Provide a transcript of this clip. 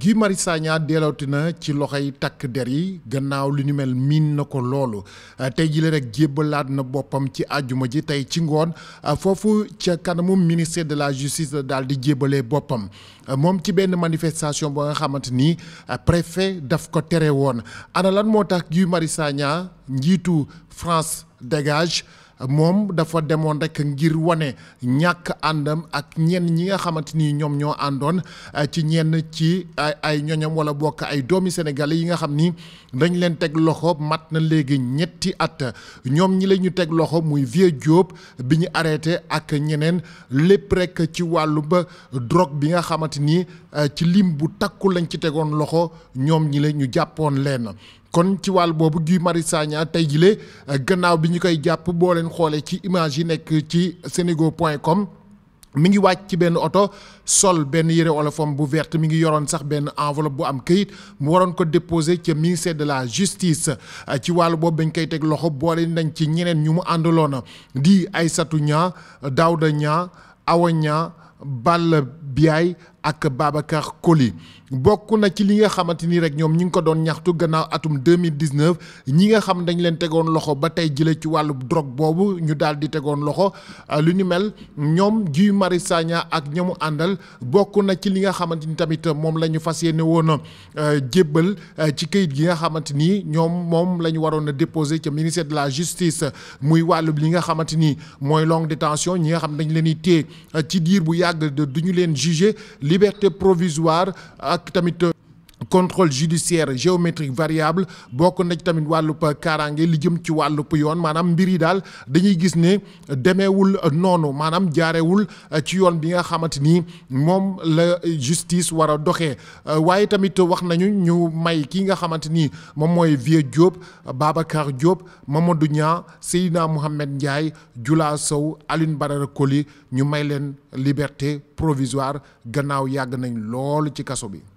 Guy Marius Sagna deelawti na ci loxoy takk der yi gannaaw lu ni mel miin na ko loolu euh, tey jii la rek jébbalaat na boppam ci àjjuma ji tey ci ngoon euh, foofu ca kanamu ministère de la justice la daal di jébbalee boppam euh, moom ci benn manifestation ba nga xamante ni préfet daf ko tere woon ana moo tax Guy Marius Sagna njiitu France dégage moom dafa demoon rek ngir wane ñàkk àndam ak ñenn ñi nga xamante ni ñoom ñoo àndoon eh, ci ñenn ci ay ñoñam wala bokk ay doomi sénégalais yi nga xam ni dañ leen teg loxo mat na léegi ñetti at ñoom ñi la ñu teg loxo muy Vieux Diop bi ñu arrêté ak ñeneen lépp rek ci wàllu ba drogue bi nga xamante ni eh, ci lim bu takku lañ ci tegoon loxo ñoom ñi la ñu jàppoon leen kon ci wàll boobu Guy Marius Sagna tey jile euh, gannaaw bi ñu koy jàpp boo leen xoolee ci image yi nekk ci senego.com mu ngi wàcc ci benn oto sol benn yére olofam bu verte mi ngi yoroon sax benn enveloppe bu am këyit mu waroon ko déposé ci ministère de la justice euh, ci wàllu boobu bañ koy teg loxo boole nañ ci ñeneen ñu mu àndaloon di Aïssatou Niang Daouda ñaa Awa Niang Balla Biaye ak Babacar Coly bokk na ci li nga xamante ni rek ñoom ñi ngi ko doon ñaxtu gannaaw atum 2019 ñi nga xam dañu leen tegoon loxo ba tey jële ci wàllu drogue boobu ñu daal di tegoon loxo euh, lu ni mel ñoom Guy Marius Sagna ak ñamu àndal bokk na ci li nga xamante ni tamit moom la ñu fas yéene woon euh, jébbal euh, ci kayit gi nga xamante ni ñoom moom la ñu waroon a déposé ca ministère de la justice muy wàllu li nga xamante ni mooy longue tention ñi nga xam dañ leen di téye ci diir bu yàgg du ñu leen jugé liberté provisoire ak tamit contrôle judiciaire géométrique variable bokk na ci tamit wàllub kaaraange li jëm ci wàllub yoon maanaam mbir yi daal dañuy gis ne demeewul noonu maanaam jaarewul euh, ci yoon bi nga xamante ni moom la justice war a doxee euh, waaye tamit wax nañu ñu may kii nga xamante ni moom mooy Vieux Diop Babacar Diop Mamadou Niang Seydina Mohamed Ndiaye Jula Sow Alioune Badara Koli ñu may leen liberté provisoire gannaaw yàgg nañ lool ci kaso bi.